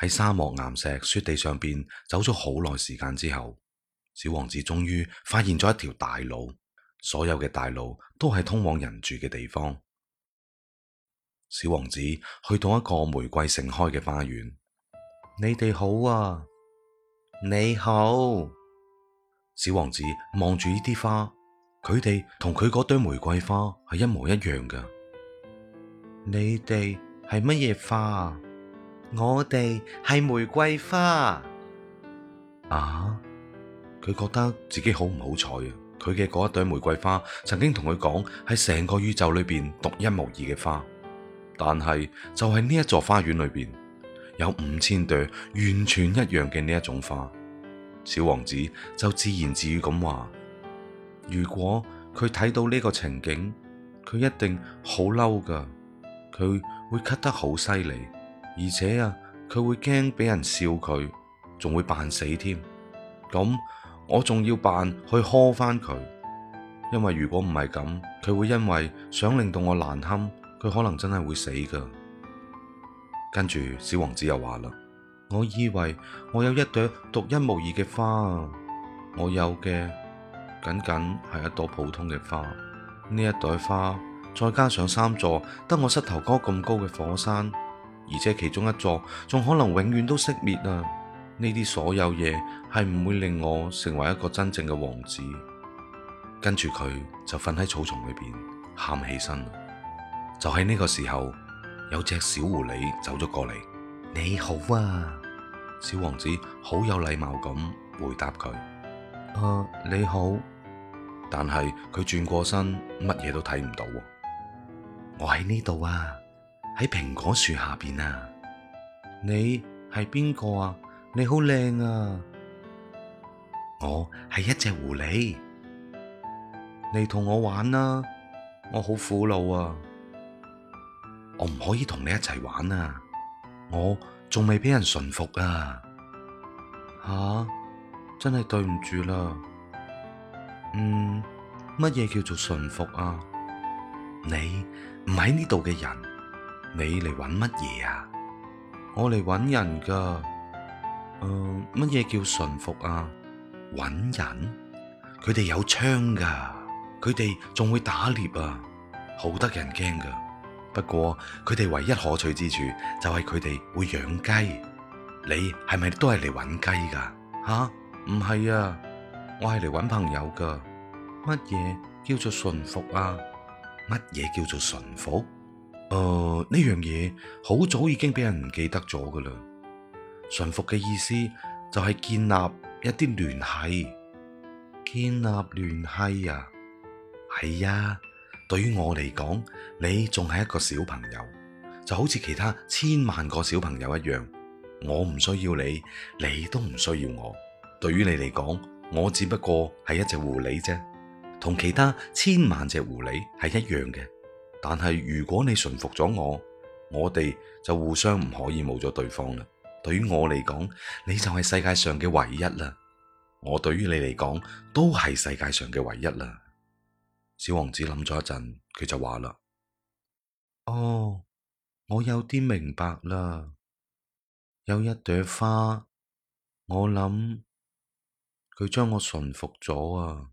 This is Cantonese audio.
喺沙漠、岩石、雪地上邊走咗好耐時間之後，小王子終於發現咗一條大路。所有嘅大路都係通往人住嘅地方。小王子去到一個玫瑰盛開嘅花園。你哋好啊，你好。小王子望住呢啲花，佢哋同佢嗰堆玫瑰花係一模一樣噶。你哋係乜嘢花啊？我哋係玫瑰花啊！佢覺得自己好唔好彩啊！佢嘅嗰一朵玫瑰花曾經同佢講，喺成個宇宙裏邊獨一無二嘅花，但係就係、是、呢一座花園裏邊有五千朵完全一樣嘅呢一種花。小王子就自言自語咁話：如果佢睇到呢個情景，佢一定好嬲噶，佢會咳得好犀利。而且啊，佢會驚俾人笑佢，仲會扮死添。咁我仲要扮去呵返佢，因為如果唔係咁，佢會因為想令到我難堪，佢可能真係會死噶。跟住小王子又話啦：我以為我有一朵獨一無二嘅花，我有嘅僅僅係一朵普通嘅花。呢一朵花，再加上三座得我膝頭哥咁高嘅火山。而且其中一座仲可能永遠都熄滅啊！呢啲所有嘢係唔會令我成為一個真正嘅王子。跟住佢就瞓喺草叢裏邊，喊起身。就喺呢個時候，有隻小狐狸走咗過嚟。你好啊，小王子，好有禮貌咁回答佢。誒、啊，你好。但係佢轉過身，乜嘢都睇唔到。我喺呢度啊。喺蘋果樹下邊啊！你係邊個啊？你好靚啊！我係一隻狐狸，你同我玩啦、啊！我好苦惱啊！我唔可以同你一齊玩啊！我仲未俾人馴服啊！吓、啊，真係對唔住啦！嗯，乜嘢叫做馴服啊？你唔喺呢度嘅人。你嚟搵乜嘢啊？我嚟搵人噶。嗯、呃，乜嘢叫馴服啊？搵人？佢哋有槍噶，佢哋仲會打獵啊，好得人驚噶。不過佢哋唯一可取之處就係佢哋會養雞。你係咪都係嚟搵雞噶？吓、啊，唔係啊，我係嚟搵朋友噶。乜嘢叫做馴服啊？乜嘢叫做馴服？誒，呢樣嘢好早已經畀人唔記得咗㗎喇。馴服嘅意思就係建立一啲聯繫，建立聯繫啊，係呀、啊。對於我嚟講，你仲係一個小朋友，就好似其他千萬個小朋友一樣。我唔需要你，你都唔需要我。對於你嚟講，我只不過係一隻狐狸啫，同其他千萬隻狐狸係一樣嘅。但係如果你馴服咗我，我哋就互相唔可以冇咗對方啦。對於我嚟講，你就係世界上嘅唯一啦。我對於你嚟講都係世界上嘅唯一啦。小王子諗咗一陣，佢就話啦：哦，我有啲明白啦。有一朵花，我諗佢將我馴服咗啊。